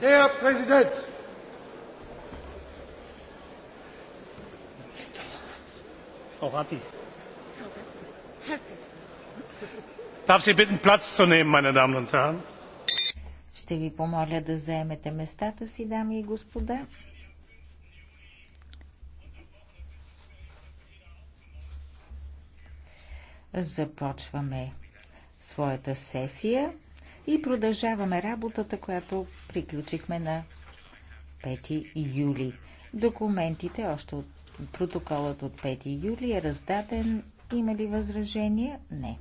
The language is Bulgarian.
Herr Präsident! Frau Ratti. Darf Sie bitten, Platz zu nehmen, meine Damen und Herren? Ще ви помоля да заемете местата си, дами и господа. Започваме своята сесия и продължаваме работата, която приключихме на 5 юли. Документите още от протоколът от 5 юли е раздаден. Има ли възражение? Не.